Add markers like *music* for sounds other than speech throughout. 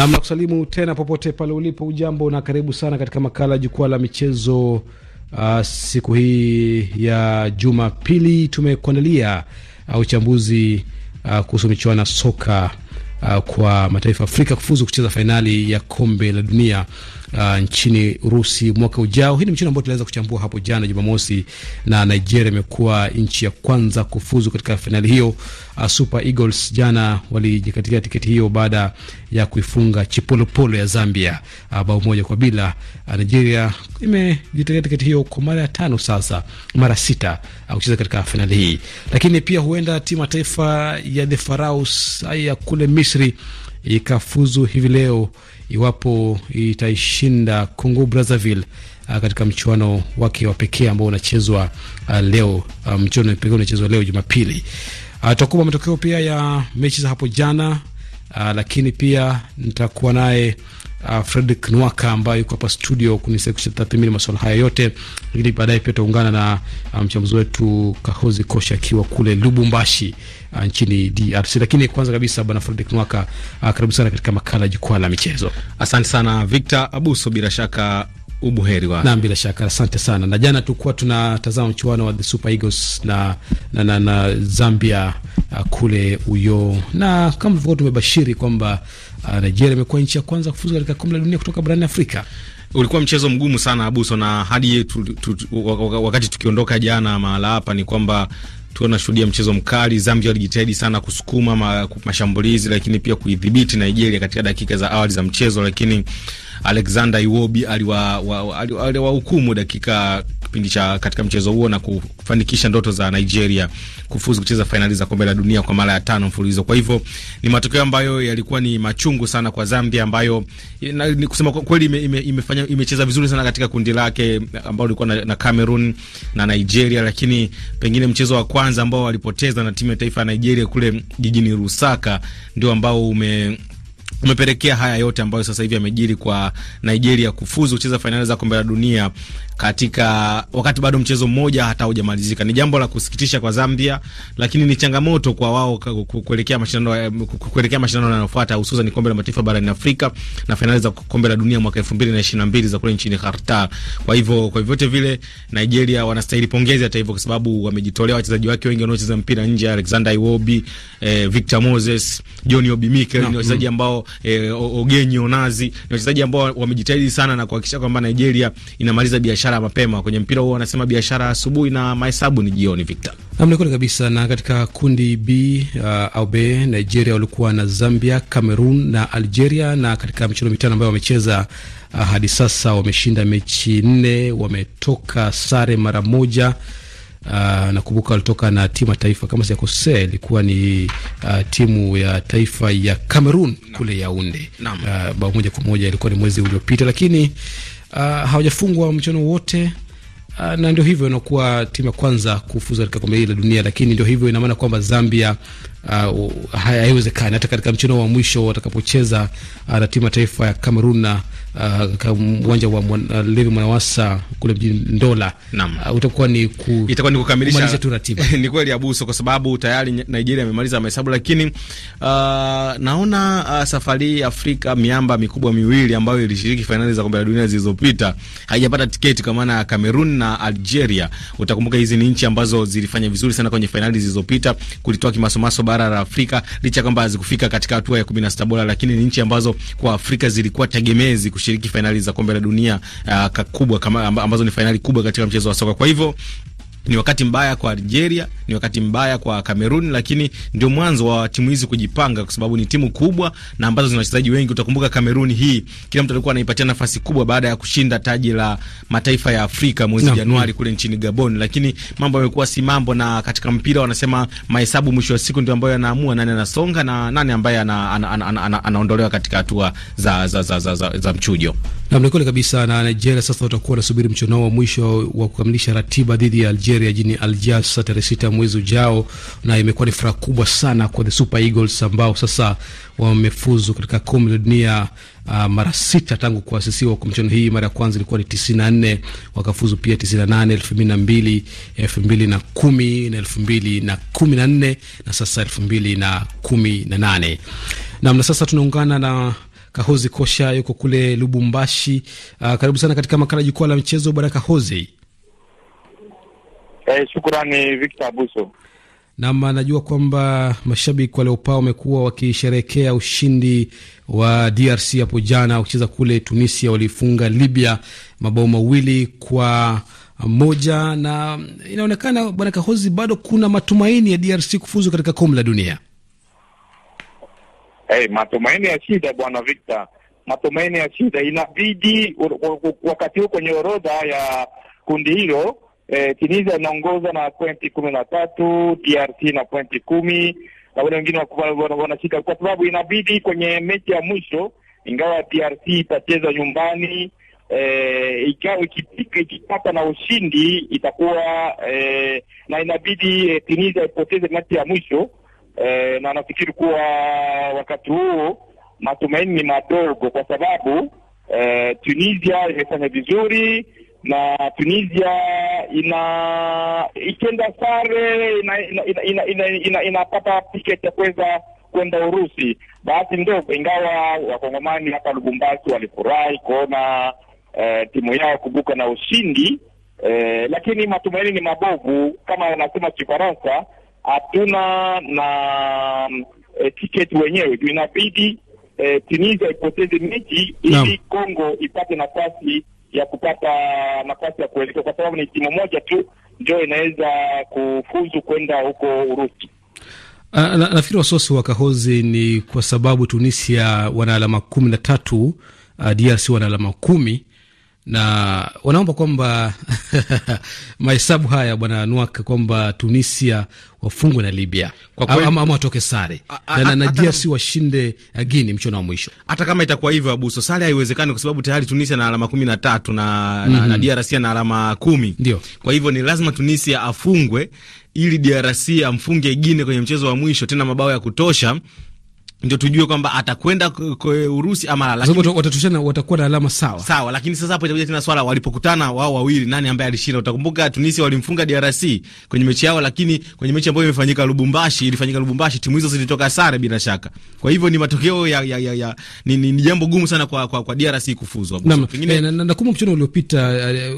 Nam, kusalimu tena popote pale ulipo, ujambo na karibu sana katika makala jukwaa la michezo. Uh, siku hii ya Jumapili tumekuandalia uh, uchambuzi uh, kuhusu michuano ya soka uh, kwa mataifa Afrika kufuzu kucheza fainali ya kombe la dunia uh, nchini Urusi mwaka ujao. Hii ni mchezo ambao tunaweza kuchambua hapo jana Jumamosi, na Nigeria imekuwa nchi ya kwanza kufuzu katika fainali hiyo. Uh, Super Eagles jana walijikatia tiketi hiyo baada ya kuifunga Chipolopolo ya Zambia uh, bao moja kwa bila. Uh, Nigeria imejitakia tiketi hiyo kwa mara ya tano sasa, mara sita uh, kucheza katika fainali hii, lakini pia huenda timu ya taifa ya the Pharaohs uh, ya kule Misri ikafuzu hivi leo iwapo itaishinda Congo Brazzaville ah, katika mchuano wake wa pekee ambao unachezwa ah, leo, ah, mchuano pekee unachezwa leo Jumapili. Tutakuwa matokeo pia ya mechi za hapo jana, lakini pia nitakuwa naye uh, ah, Fredrick Nwaka ambaye yuko hapa studio kunisaidia kutathmini masuala haya yote, lakini baadaye pia tutaungana na ah, mchambuzi um, wetu Kahozi Kosha akiwa kule Lubumbashi uh, nchini DRC. Lakini kwanza kabisa, bwana Fredrick Nwaka, uh, karibu sana katika makala ya jukwaa la michezo. Asante sana Victor Abuso, bila shaka ubuheri wa na bila shaka, asante sana. Na jana tulikuwa tunatazama mchuano wa the Super Eagles na, na, na, na Zambia uh, kule Uyo, na kama tulivyokuwa tumebashiri kwamba Ah, Nigeria imekuwa nchi ya kwanza kufuzu katika kombe la dunia kutoka barani Afrika. Ulikuwa mchezo mgumu sana Abuso, na hadi tu, tu, wakati tukiondoka jana mahala hapa ni kwamba nashuhudia mchezo mkali. Zambia walijitahidi sana kusukuma ma, mashambulizi, lakini pia kuidhibiti Nigeria katika dakika za awali za mchezo, lakini Alexander Iwobi aliwahukumu dakika kipindi cha katika mchezo huo na kufanikisha ndoto za Nigeria kufuzu kucheza fainali za kombe la dunia kwa mara ya tano mfululizo. Kwa hivyo ni matokeo ambayo yalikuwa ni machungu sana kwa Zambia ambayo na, ni kusema kweli ime, ime, imefanya imecheza vizuri sana katika kundi lake ambao lilikuwa na, na Cameroon na Nigeria, lakini pengine mchezo wa kwanza ambao walipoteza na timu ya taifa ya Nigeria kule jijini Lusaka ndio ambao ume umepelekea haya yote ambayo sasa hivi yamejiri kwa Nigeria kufuzu kucheza fainali za kombe la dunia katika wakati bado mchezo mmoja hata hujamalizika. Ni jambo la kusikitisha kwa Zambia, lakini ni changamoto kwa wao kuelekea mashindano kuelekea mashindano yanayofuata, hususan ni kombe la mataifa barani Afrika na fainali za kombe la dunia mwaka 2022 za kule nchini Qatar. Kwa hivyo, kwa vyote vile Nigeria wanastahili pongezi, hata hivyo, kwa sababu wamejitolea. Wachezaji wake wengi wanaocheza mpira nje, Alexander Iwobi, eh, Victor Moses, John Obi Mikel, ni wachezaji ambao mm eh, Ogenyi Onazi ni wachezaji ambao wamejitahidi sana na kuhakikisha kwamba Nigeria inamaliza biashara mapema kwenye mpira huo. Wanasema biashara asubuhi na mahesabu ni jioni. Victor namna kabisa. Na katika kundi B uh, au B Nigeria walikuwa na Zambia, Cameroon na Algeria, na katika michezo mitano ambayo wamecheza uh, hadi sasa wameshinda mechi nne, wametoka sare mara moja Uh, nakumbuka walitoka na timu ya taifa kama sijakosea, ilikuwa ni uh, timu ya taifa ya Cameroon kule Yaunde uh, ah, bao moja kwa moja, ilikuwa ni mwezi uliopita, lakini uh, hawajafungwa mchano wote uh, na ndio hivyo inakuwa timu ya kwanza kufuzu katika kombe hili la dunia, lakini ndio hivyo ina kwamba Zambia uh, haiwezekani hata katika mchezo wa mwisho watakapocheza uh, na timu ya taifa ya Cameroon na Uh, uwanja uh, wa uh, Levi Mwanawasa kule mjini Ndola. Uh, utakuwa ni ku, itakuwa ni kukamilisha tu ratiba. *laughs* ni kweli abuso, kwa sababu tayari Nigeria imemaliza mahesabu, lakini uh, naona uh, safari ya Afrika miamba mikubwa miwili ambayo ilishiriki fainali za kombe la dunia zilizopita haijapata tiketi kwa maana ya Cameroon na Algeria. Utakumbuka hizi ni nchi ambazo zilifanya vizuri sana kwenye fainali zilizopita, kulitoa kimasomaso bara la Afrika licha kwamba hazikufika katika hatua ya 16 bora, lakini ni nchi ambazo kwa Afrika zilikuwa tegemezi kushiriki fainali za kombe la dunia uh, kubwa kama ambazo ni fainali kubwa katika mchezo wa soka. Kwa hivyo ni wakati mbaya kwa Algeria, ni wakati mbaya kwa Cameroon, lakini ndio mwanzo wa timu hizi kujipanga, kwa sababu ni timu kubwa na ambazo zina wachezaji wengi. Utakumbuka Cameroon hii kila mtu alikuwa anaipatia nafasi kubwa baada ya kushinda taji la mataifa ya Afrika mwezi no. Januari kule nchini Gabon, lakini mambo yamekuwa si mambo, na katika mpira wanasema mahesabu mwisho wa siku ndio ambayo yanaamua nani anasonga na nani ambaye anaondolewa katika hatua za, za, za, za, za, za mchujo. Namna kweli kabisa na Nigeria sasa watakuwa wanasubiri mchono wa mwisho wa kukamilisha ratiba dhidi ya Algeria Nigeria jini Aljasa tarehe 6 mwezi ujao, na imekuwa ni furaha kubwa sana kwa the Super Eagles ambao sasa wamefuzu katika kombe la dunia uh, mara sita tangu kuasisiwa kwa michuano hii. Mara ya kwanza ilikuwa ni 94, wakafuzu pia 98, 2002, 2010 na 2014 na sasa 2018 na kumi na nane sasa tunaungana na Kahozi Kosha yuko kule Lubumbashi. Uh, karibu sana katika makala jukwaa la michezo bwana Kahozi. Eh, shukrani Victor Abuso. Nam, najua kwamba mashabiki wa Leopard wamekuwa wakisherehekea ushindi wa DRC hapo jana wakicheza kule Tunisia, walifunga Libya mabao mawili kwa moja, na inaonekana Bwana Kahozi, bado kuna matumaini ya DRC kufuzu katika kombe la dunia. Hey, eh, matumaini ya shida Bwana Victor, matumaini ya shida inabidi wakati huu kwenye orodha ya kundi hilo eh, Tunisia inaongoza na pointi kumi na tatu, DRC na pointi kumi na wale wengine wanashika, kwa sababu inabidi kwenye mechi ya mwisho, ingawa DRC itacheza nyumbani eh, ikawa ikipata na ushindi itakuwa eh, na inabidi eh, Tunisia ipoteze mechi ya mwisho eh, na nafikiri kuwa wakati huo matumaini ni madogo, kwa sababu eh, Tunisia imefanya vizuri na Tunisia ina ikienda sare inapata ina, ina, ina, ina, ina, ina tiketi ya kuweza kwenda Urusi. Bahati ndogo, ingawa wakongomani hapa Lubumbashi walifurahi kuona eh, timu yao kubuka na ushindi eh, lakini matumaini ni mabovu kama wanasema Kifaransa, hatuna na eh, tiketi wenyewe inabidi eh, Tunisia ipoteze mechi ili Kongo ipate nafasi kwa nafasi ya kuelekea, kwa sababu ni timu moja tu ndio inaweza kufuzu kwenda huko Urusi. Ah, nafikiri wasiwasi wa Kahozi ni kwa sababu Tunisia wana alama kumi na tatu, ah, DRC wana alama kumi na wanaomba kwamba *laughs* mahesabu haya bwana Nwaka kwamba Tunisia wafungwe na Libya ama watoke sare na DRC washinde eh, Guini mchana wa mwisho. Hata kama itakuwa hivyo, Abuso, sare haiwezekani kwa sababu tayari Tunisia na alama kumi na tatu na, mm -hmm. na mhm. DRC na alama kumi. Ndio, kwa hivyo ni lazima Tunisia afungwe ili DRC amfunge Guini kwenye mchezo wa mwisho, tena mabao ya kutosha ndio tujue kwamba atakwenda Urusi ama la, lakini watatushana, watakuwa na alama sawa sawa. Lakini sasa hapo itakuja tena swala, walipokutana wao wawili, nani ambaye alishinda? Utakumbuka Tunisia walimfunga DRC kwenye mechi yao, lakini kwenye mechi ambayo imefanyika Lubumbashi, ilifanyika Lubumbashi, timu hizo zilitoka sare bila shaka. Kwa hivyo ni matokeo ya, ya, ya, ya ni, ni, ni jambo gumu sana kwa kwa, kwa DRC kufuzwa Pengine eh, na, na, na kumbuka mchezo uliopita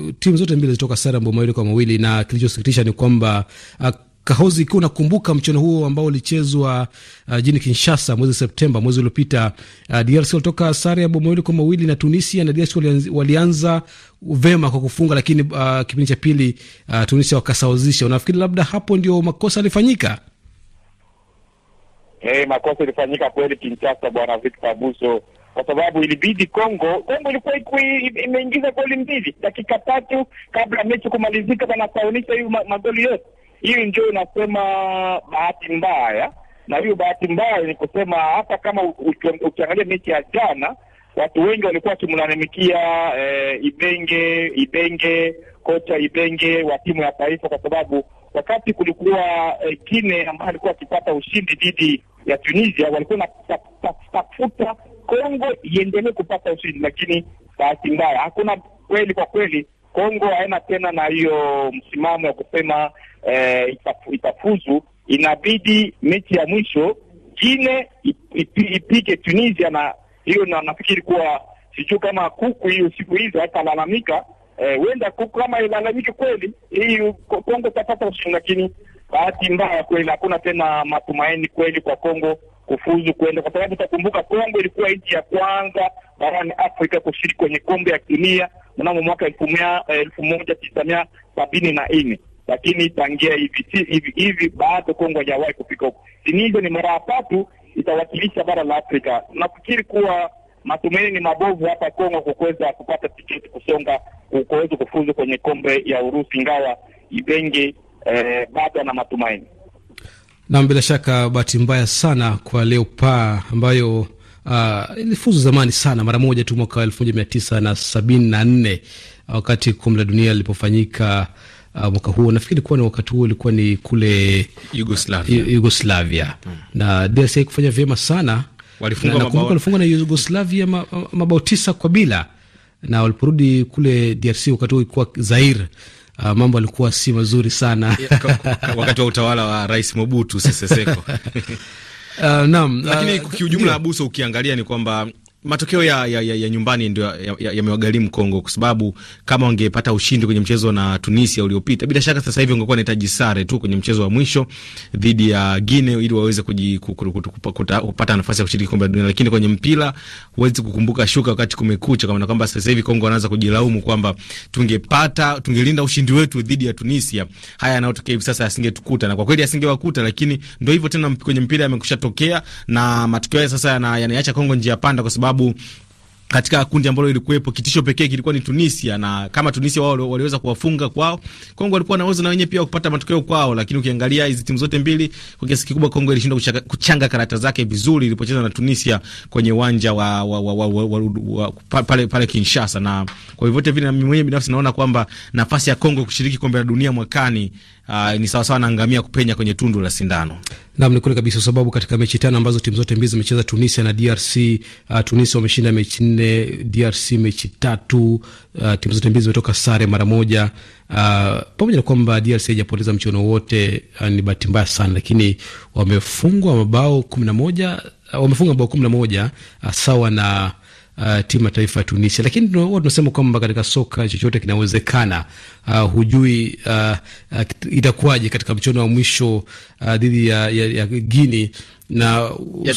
uh, timu zote mbili zilitoka sare mabao mawili kwa mawili, na kilichosikitisha ni kwamba uh, Kahozi, ikiwa unakumbuka mchuano huo ambao ulichezwa uh, jini Kinshasa mwezi Septemba, mwezi uliopita, uh, DRC walitoka sare ya bao mawili kwa mawili na Tunisia, na DRC walianza vema kwa kufunga, lakini uh, kipindi cha pili uh, Tunisia wakasawazisha. Unafikiri labda hapo ndio makosa yalifanyika? Hey, eh, makosa ilifanyika kweli Kinshasa, bwana Victor Abuso, kwa sababu ilibidi Kongo Kongo ilikuwa imeingiza goli mbili dakika tatu kabla mechi kumalizika, wanasaunisha hiyo magoli yote hiyo ndio inasema bahati mbaya, na hiyo bahati mbaya ni kusema hata kama ukiangalia mechi ya jana watu wengi walikuwa wakimlalamikia e, Ibenge Ibenge, kocha Ibenge wa timu ya taifa, kwa sababu wakati kulikuwa e, eh, kine ambaye alikuwa akipata ushindi dhidi ya Tunisia, walikuwa natafuta Kongo iendelee kupata ushindi, lakini bahati mbaya hakuna kweli, kwa kweli Kongo haina tena na hiyo msimamo wa kusema e, itafu, itafuzu. Inabidi mechi ya mwisho Gine ip, ipike Tunisia, na hiyo na nafikiri kuwa sijuu kama kuku hiyo siku hizo hatalalamika eh, huenda e, kuku kama ilalamike kweli, hii Kongo itapata ushindi, lakini bahati mbaya kweli hakuna tena matumaini kweli kwa Kongo kufuzu kwenda, kwa sababu utakumbuka Kongo ilikuwa nchi ya kwanza barani Afrika kushiriki kwenye kombe ya dunia mnamo mwaka elfu moja tisa mia sabini na nne lakini tangia hivi hivi hivi bado Kongo hajawahi kufika huko. Tunisia ni mara ya tatu itawakilisha bara la Afrika. Nafikiri kuwa matumaini ni mabovu hapa Kongo kuweza kupata tiketi kusonga kuweza kufuzu kwenye kombe ya Urusi, ingawa Ibenge eh, bado ana matumaini. Nam, bila shaka bahati mbaya sana kwa Leopard ambayo uh, ilifuzu zamani sana mara moja tu mwaka elfu moja mia tisa na sabini na nne ah, wakati kombe la dunia lilipofanyika uh, mwaka huo. Nafikiri kuwa ni wakati huo ilikuwa ni kule Yugoslavia, Yugoslavia. Hmm. na DRC kufanya vyema sana nakumbuka walifungwa na Yugoslavia mabao tisa kwa bila, na waliporudi kule DRC wakati huo ilikuwa Zaire uh, mambo alikuwa si mazuri sana *laughs* wakati wa utawala wa Rais Mobutu Sese Seko. Uh, *laughs* naam, lakini uh, kiujumla abuso ukiangalia ni kwamba matokeo ya, ya, ya, ya nyumbani ndio yamewagharimu ya, ya Kongo kwa sababu kama wangepata ushindi kwenye mchezo na Tunisia uliopita, bila shaka sasa hivi wangekuwa wanahitaji sare tu kwenye mchezo wa mwisho dhidi ya Guine ili waweze kupata nafasi ya kushiriki kombe la dunia. Lakini kwenye mpira huwezi kukumbuka shuka wakati kumekucha, kama kwamba sasa hivi Kongo wanaanza kujilaumu kwamba tungepata, tungelinda ushindi wetu dhidi ya Tunisia, haya yanayotokea hivi sasa yasingetukuta, na kwa kweli yasingewakuta. Lakini ndio hivyo tena, kwenye mpira yamekusha tokea na matokeo haya sasa yanaiacha Kongo njia panda kwa sababu sababu katika kundi ambalo ilikuwepo kitisho pekee kilikuwa ni Tunisia, na kama Tunisia wao waliweza kuwafunga kwao, Kongo walikuwa na uwezo na wenyewe pia kupata matokeo kwao. Lakini ukiangalia hizi timu zote mbili, kwa kiasi kikubwa Kongo ilishindwa kuchanga, kuchanga karata zake vizuri ilipocheza na Tunisia kwenye uwanja wa, wa, wa, wa, wa, wa, wa pale, pale Kinshasa. Na kwa hivyo vile mimi mwenyewe binafsi naona kwamba nafasi ya Kongo kushiriki kombe la dunia mwakani uh, ni sawasawa na ngamia kupenya kwenye tundu la sindano. Naam, ni kweli kabisa, kwa sababu katika mechi tano ambazo timu zote mbili zimecheza Tunisia na DRC, uh, ah, Tunisia wameshinda mechi nne, DRC mechi tatu. Uh, timu zote mbili zimetoka sare mara moja. Uh, pamoja na kwamba DRC haijapoteza mchuano wote, uh, ni bahati mbaya sana, lakini wamefungwa mabao kumi na moja, uh, wamefunga mabao kumi na moja uh, sawa na uh, timu ya taifa ya Tunisia, lakini huwa tunasema kwamba katika soka chochote kinawezekana. Uh, hujui uh, uh, itakuwaje katika mchuano wa mwisho uh, dhidi ya, ya, ya Guini na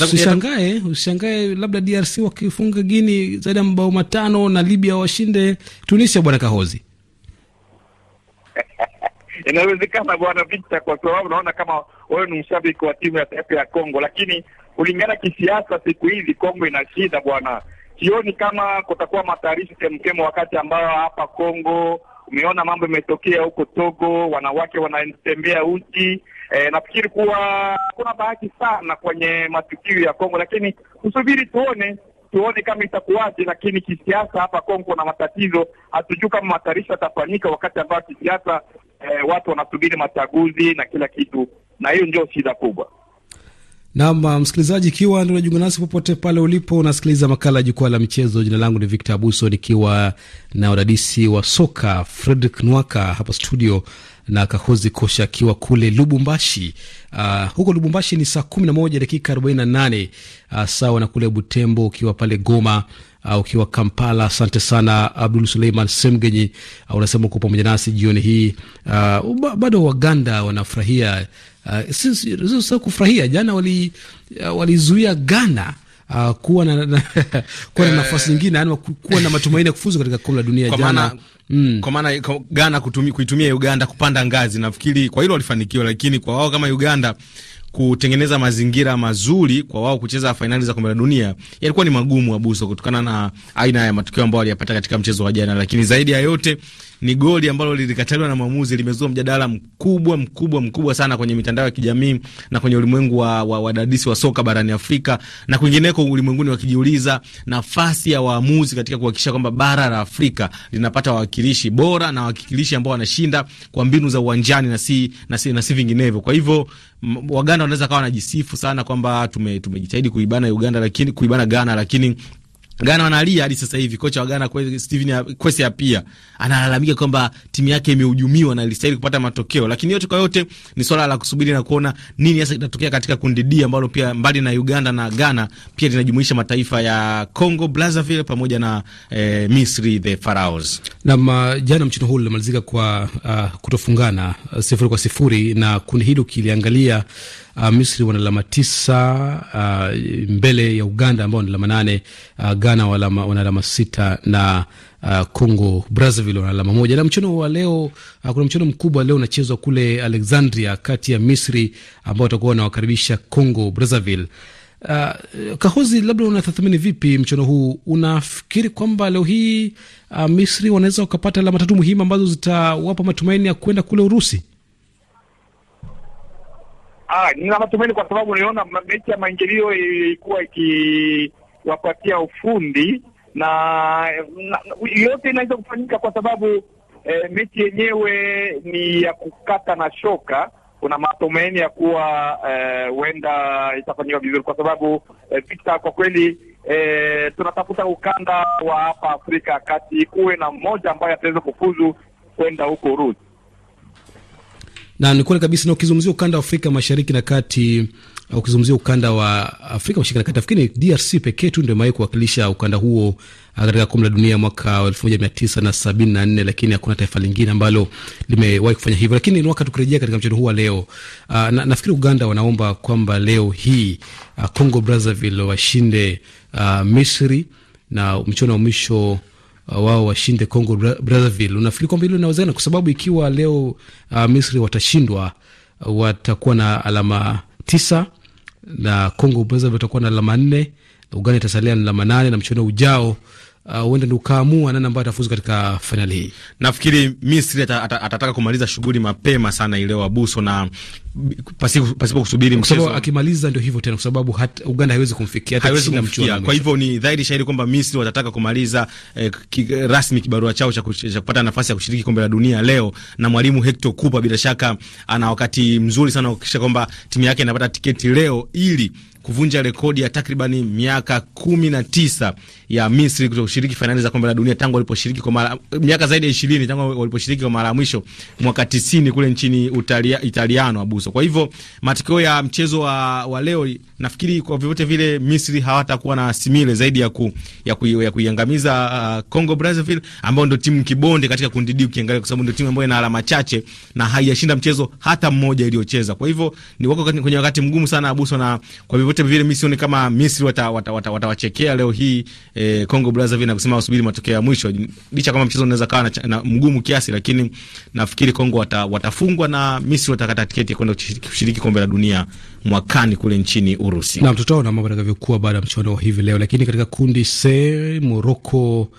usishangae usishangae labda DRC wakifunga Guini zaidi ya mabao matano na Libya washinde Tunisia, bwana Kahozi. *laughs* Inawezekana bwana Victor, kwa sababu naona kama wewe ni mshabiki wa timu ya taifa ya Kongo, lakini kulingana kisiasa, siku hizi Kongo ina shida bwana sioni kama kutakuwa matayarishi kemkemo, wakati ambayo hapa Kongo umeona mambo imetokea huko Togo, wanawake wanatembea uchi. E, nafikiri kuwa kuna bahati sana kwenye matukio ya Kongo, lakini kusubiri tuone tuone kama itakuwaje, lakini kisiasa hapa Kongo kuna matatizo. Hatujui kama matayarisho yatafanyika wakati ambayo kisiasa, e, watu wanasubiri machaguzi na kila kitu, na hiyo ndio shida kubwa. Nam uh, msikilizaji, ikiwa ndio unajiunga nasi popote pale ulipo, unasikiliza makala ya jukwaa la michezo. Jina langu ni Victor Abuso, nikiwa na wadadisi wa soka Fredrick Nwaka hapa studio na Kahozi Kosha akiwa kule Lubumbashi. Uh, huko Lubumbashi ni saa kumi na moja dakika nane uh, sawa na kule Butembo ukiwa pale Goma uh, ukiwa Kampala. Asante sana Abdul Suleiman Semgenyi, uh, unasema uko pamoja nasi jioni hii. Uh, bado Waganda wanafurahia uh, sio kufurahia, jana walizuia uh, wali Ghana Uh, kuwa na, na, *laughs* kuwa na eh. nafasi nyingine yani kuwa na matumaini ya kufuzu katika kombe la dunia kwa jana maana, mm. Kwa maana kuitumia Uganda kupanda ngazi, nafikiri kwa hilo walifanikiwa, lakini kwa wao kama Uganda kutengeneza mazingira mazuri kwa wao kucheza fainali za kombe la dunia yalikuwa ni magumu, Abuso, kutokana na aina ya matukio ambayo aliyapata katika mchezo wa jana, lakini zaidi ya yote ni goli ambalo lilikataliwa na mwamuzi, limezua mjadala mkubwa mkubwa mkubwa sana kwenye mitandao ya kijamii na kwenye ulimwengu wa wadadisi wa, wa soka barani Afrika na kwingineko ulimwenguni, wakijiuliza nafasi ya waamuzi katika kuhakikisha kwamba bara la Afrika linapata wawakilishi bora na wawakilishi ambao wanashinda kwa mbinu za uwanjani na si, na si, na si vinginevyo. Kwa hivyo Waganda wanaweza kawa wanajisifu sana kwamba tumejitahidi tume kuibana Uganda lakini kuibana Ghana lakini Ghana wanalia hadi sasa hivi. Kocha wa Ghana Steven Kwesi pia analalamika kwamba timu yake imehujumiwa na ilistahili kupata matokeo, lakini yote kwa yote ni swala la kusubiri na kuona nini hasa kitatokea katika kundi D ambalo pia mbali na Uganda na Ghana pia linajumuisha mataifa ya Congo Brazzaville pamoja na eh, Misri the Pharaohs. Nam uh, jana mchezo huu ulimalizika kwa uh, kutofungana uh, sifuri kwa sifuri, na kundi hili ukiliangalia Uh, Misri wana alama tisa uh, mbele ya Uganda ambao ni alama nane. Uh, Ghana wana alama sita na Congo uh, Brazzaville wana alama moja. Na mchono wa leo uh, kuna mchono mkubwa leo unachezwa kule Alexandria kati ya Misri ambao watakuwa wanawakaribisha Congo Brazzaville. Uh, Kahozi, labda unatathmini vipi mchono huu? Unafikiri kwamba leo hii uh, Misri wanaweza wakapata alama tatu muhimu ambazo zitawapa matumaini ya kwenda kule Urusi? Ah, nina matumaini kwa sababu niliona mechi ya maingilio ilikuwa ikiwapatia ufundi na, na yote inaweza kufanyika kwa sababu eh, mechi yenyewe ni ya kukata na shoka. Kuna matumaini ya kuwa eh, huenda eh, itafanyika vizuri kwa sababu eh, kwa kweli eh, tunatafuta ukanda wa hapa Afrika kati, kuwe na mmoja ambaye ataweza kufuzu kwenda huko Urusi. Na ni kweli kabisa, na ukizungumzia ukanda wa Afrika Mashariki na Kati, ukizungumzia ukanda wa Afrika Mashariki na Kati, nafikiri DRC pekee tu ndio maweko kuwakilisha ukanda huo ah, katika kombe la dunia mwaka 1974 lakini hakuna taifa lingine ambalo limewahi kufanya hivyo. Lakini ni wakati kurejea katika mchezo huu wa leo. Uh, na, nafikiri Uganda wanaomba kwamba leo hii uh, Congo Brazzaville washinde uh, Misri na mchezo wa mwisho Uh, wao washinde Congo Brazzaville. Unafikiri kwamba hilo linawezekana? Kwa sababu ikiwa leo uh, Misri watashindwa uh, watakuwa na alama tisa na Congo Brazzaville watakuwa na alama nne na Uganda itasalia na alama nane na mchuano ujao Ah, huenda uh, ni ukaamua nani ambaye atafuzu katika fainali hii. Nafikiri Misri atataka ata, ata kumaliza shughuli mapema sana ileo Abuso na pasipo, kusubiri mchezo. Akimaliza ndio hivyo tena, kwa sababu Uganda haiwezi kumfikia hata haiwezi kumfikia. Kwa hivyo ni dhahiri shahiri kwamba Misri watataka kumaliza eh, ki, rasmi kibarua chao cha kupata nafasi ya kushiriki kombe la dunia leo, na mwalimu Hector Cuper bila shaka ana wakati mzuri sana kuhakikisha kwamba timu yake inapata tiketi leo ili kuvunja rekodi ya takribani miaka kumi na tisa ya Misri kutoshiriki fainali za kombe la dunia tangu waliposhiriki kwa mara miaka zaidi ya 20 tangu waliposhiriki kwa mara ya mwisho mwaka 90 kule nchini Italia, Italiano abuso. Kwa hivyo matokeo ya mchezo wa, wa leo nafikiri kwa vyovyote vile Misri hawatakuwa na simile zaidi ya ku, ya, ku, ya kuiangamiza uh, Congo Brazzaville ambao ndio timu kibonde katika kundi D ukiangalia, kwa sababu ndio timu ambayo ina alama chache na haijashinda mchezo hata mmoja iliyocheza. Kwa hivyo ni wako kwenye wakati mgumu sana abuso, na kwa vyovyote vile mimi sioni kama Misri watawachekea wata, wata, wata leo hii eh, Congo Brazzaville na kusema usubiri matokeo ya mwisho, licha kwamba mchezo unaweza kawa na, na mgumu kiasi, lakini nafikiri Kongo wata, watafungwa na Misri watakata tiketi ya kwenda kushiriki kombe la dunia mwakani kule nchini Urusi. Naam, tutaona mambo yatakavyokuwa baada ya mchuano wa hivi leo, lakini katika kundi C Morocco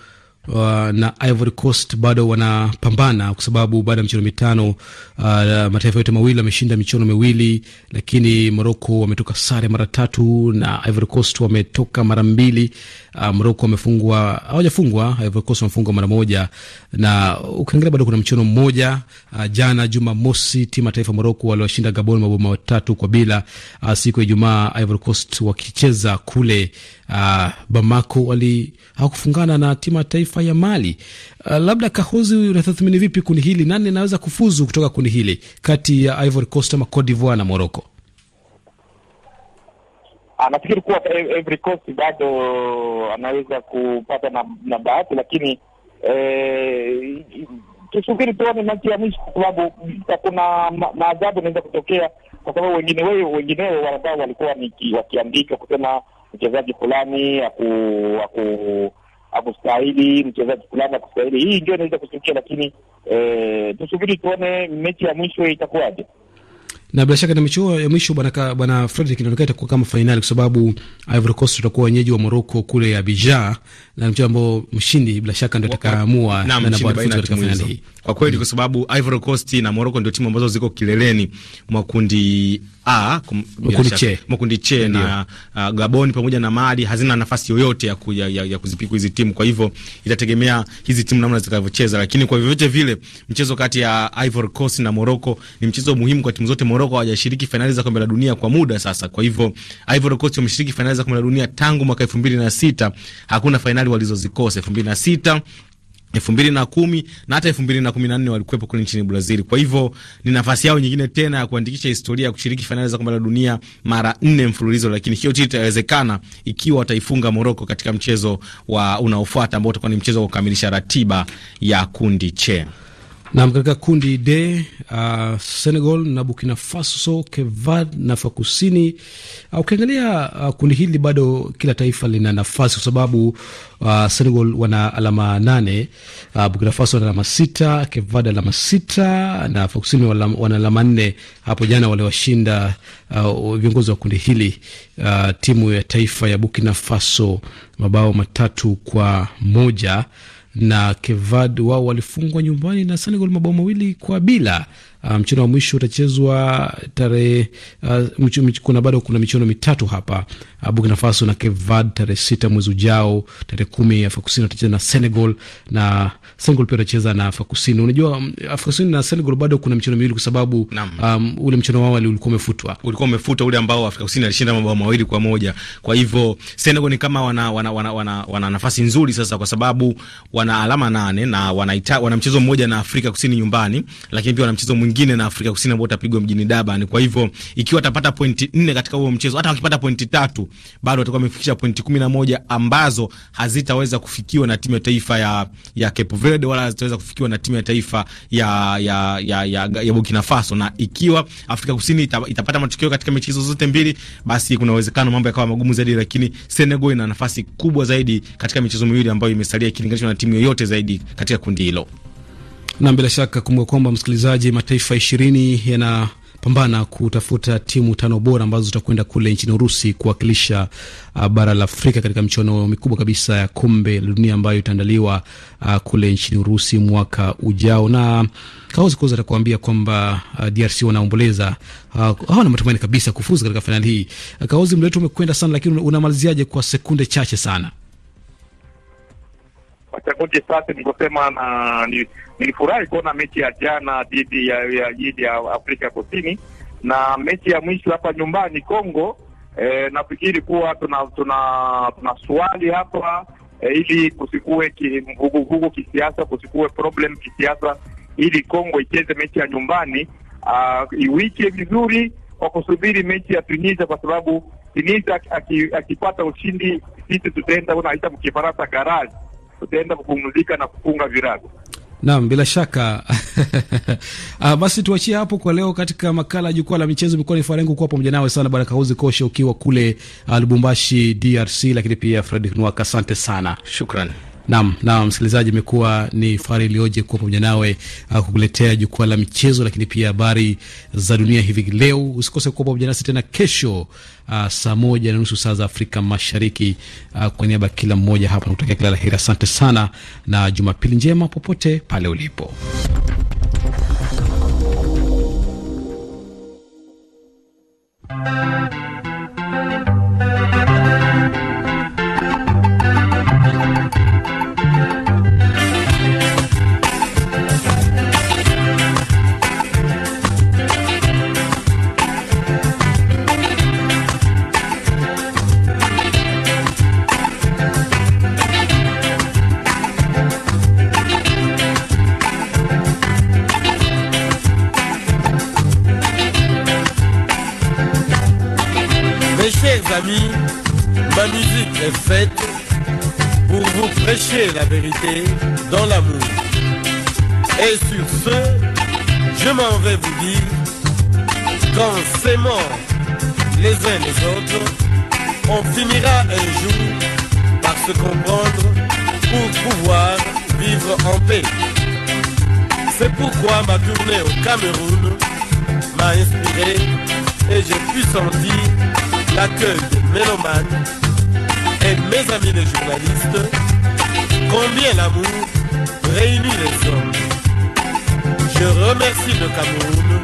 uh, na Ivory Coast bado wanapambana kwa sababu baada ya michuano mitano uh, mataifa yote mawili wameshinda michuano miwili, lakini Morocco wametoka sare mara tatu na Ivory Coast wametoka mara mbili. Uh, Morocco wamefungwa, hawajafungwa. Ivory Coast wamefungwa mara moja, na ukiangalia bado kuna mchuano mmoja. Uh, jana Jumamosi timu ya taifa Morocco waliwashinda Gabon mabao matatu kwa bila. Uh, siku ya Ijumaa Ivory Coast wakicheza kule uh, Bamako wali hawakufungana na timu ya taifa mataifa ya Mali. Uh, labda Kahozi, unatathmini vipi kundi hili? Nani anaweza kufuzu kutoka kundi hili kati ya Ivory Coast ama Cote d'Ivoire na Morocco? Anafikiri ah, kuwa Ivory Coast bado anaweza kupata na, na bahati lakini eh, tusubiri tuone mechi ya mwisho, kwa sababu kuna maajabu yanaweza kutokea, kwa sababu wengine wewe wengineo ambao walikuwa wakiandika kusema mchezaji fulani aku, aku akustahili mchezaji fulani akustahili, Hii ndio inaweza kutokea, lakini e, tusubiri tuone mechi ya mwisho itakuwaje na bila shaka na mechi ya mwisho bwana bwana Fredrick, inaonekana itakuwa kama fainali kwa sababu Ivory Coast itakuwa wenyeji wa Morocco kule ya Abidjan, na mchezo ambao mshindi bila shaka ndio atakayeamua nani baada ya fainali hii kwa kweli, kwa sababu Ivory Coast na Morocco ndio timu ambazo ziko kileleni mwa kundi A makundi che na uh, Gabon pamoja na Mali hazina nafasi yoyote ya, ku, ya, ya, ya kuzipiku hizi timu. Kwa hivyo itategemea hizi timu namna zitakavyocheza, lakini kwa vyovyote vile mchezo kati ya Ivory Coast na Morocco ni mchezo muhimu kwa timu zote. Morocco hawajashiriki fainali za kombe la dunia kwa muda sasa. Kwa hivyo Ivory Coast wameshiriki fainali za kombe la dunia tangu mwaka 2006 hakuna fainali walizozikosa 2006 elfu mbili na kumi na hata elfu mbili na kumi na nne walikuwepo kule nchini Brazil. Kwa hivyo ni nafasi yao nyingine tena ya kuandikisha historia ya kushiriki fainali za kombe la dunia mara nne mfululizo, lakini hiyo yote itawezekana ikiwa wataifunga Moroko katika mchezo wa unaofuata ambao utakuwa ni mchezo wa kukamilisha ratiba ya kundi che Nam, katika kundi D uh, Senegal na Burkina Faso, Kevad na Afrika Kusini. Uh, ukiangalia uh, kundi hili bado kila taifa lina nafasi kwa sababu uh, Senegal wana alama nane, uh, Burkina Faso wana alama sita, Kevad alama sita na Afrika Kusini wana alama nne. Hapo jana waliwashinda uh, viongozi wa kundi hili uh, timu ya taifa ya Burkina Faso mabao matatu kwa moja na Kevad wao walifungwa nyumbani na Senegal mabao mawili kwa bila. Ah, mchezo wa mwisho utachezwa tarehe uh, kuna bado kuna michuano mitatu hapa uh, Burkina Faso na Cape Verde tarehe sita mwezi ujao. Tarehe kumi Afrika Kusini watacheza na Senegal na Senegal pia watacheza na Afrika Kusini. Unajua mm, Afrika Kusini na Senegal bado kuna michuano miwili kwa sababu um, ule mchuano wao ulikuwa umefutwa, ulikuwa umefutwa ule ambao Afrika Kusini alishinda mabao mawili kwa moja. Kwa hivyo Senegal ni kama wana wana, wana, wana, wana nafasi nzuri sasa, kwa sababu wana alama nane na wana, wana mchezo mmoja na Afrika Kusini nyumbani, lakini pia wana mchezo mwingine na Afrika Kusini ambao utapigwa mjini Durban. Kwa hivyo ikiwa atapata pointi nne katika huo mchezo, hata wakipata pointi tatu bado atakuwa amefikisha pointi kumi na moja ambazo hazitaweza kufikiwa na timu ya taifa ya, ya Cape Verde wala hazitaweza kufikiwa na timu ya taifa ya, ya, ya, ya, ya Burkina Faso. Na ikiwa Afrika Kusini itapata matokeo katika mechi hizo zote mbili, basi kuna uwezekano mambo yakawa magumu zaidi, lakini Senegal ina nafasi kubwa zaidi katika michezo miwili ambayo imesalia ikilinganishwa na timu yoyote zaidi katika kundi hilo. Na bila shaka kumbuka kwamba msikilizaji, mataifa ishirini yana pambana kutafuta timu tano bora ambazo zitakwenda kule nchini Urusi kuwakilisha uh, bara la Afrika katika michuano mikubwa kabisa ya kombe la dunia ambayo itaandaliwa uh, kule nchini Urusi mwaka ujao. Na Kaozi atakuambia kwamba uh, DRC wanaomboleza uh, hawana matumaini kabisa kufuzu katika fainali hii. Uh, Kaozi, muda wetu umekwenda sana, lakini unamaliziaje kwa sekunde chache sana? Kwa sekunde chache nikosema na ni Nilifurahi kuona mechi ya jana dhidi ya, ya, ya Afrika Kusini na mechi ya mwisho hapa nyumbani Kongo. E, nafikiri kuwa tuna tuna, tuna swali hapa e, ili kusikue mvuguvugu kisiasa, kusikue problem kisiasa, ili Kongo icheze mechi ya nyumbani ah, iwike vizuri kwa kusubiri mechi ya Tunisia, kwa sababu Tunisia akipata ushindi, sisi tutaenda haita mkifaransa garage, tutaenda kupumzika na kufunga virago. Naam, bila shaka *laughs* ah, basi tuachie hapo kwa leo katika makala ya jukwaa la michezo. Imekuwa ni kuwa pamoja nawe sana, Bwana Kahuzi Koshe, ukiwa kule ah, Lubumbashi, DRC, lakini pia Fredrick Nwaka, asante sana, shukran. Naam, na msikilizaji, imekuwa ni fahari iliyoje kuwa pamoja nawe uh, kukuletea jukwaa la michezo, lakini pia habari za dunia hivi leo. Usikose kuwa pamoja nasi tena kesho uh, saa moja na nusu saa za Afrika Mashariki. Uh, kwa niaba ya kila mmoja hapa nakutakia kila la heri. Asante sana na Jumapili njema popote pale ulipo. Mes amis, ma musique est faite pour vous prêcher la vérité dans l'amour. Et sur ce, je m'en vais vous dire qu'en s'aimant les uns les autres, on finira un jour par se comprendre pour pouvoir vivre en paix. C'est pourquoi ma tournée au Cameroun m'a inspiré et j'ai pu sentir l'accueil de méloman, et mes amis les journalistes, combien l'amour réunit les hommes. Je remercie le Cameroun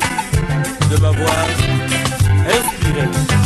de m'avoir inspiré.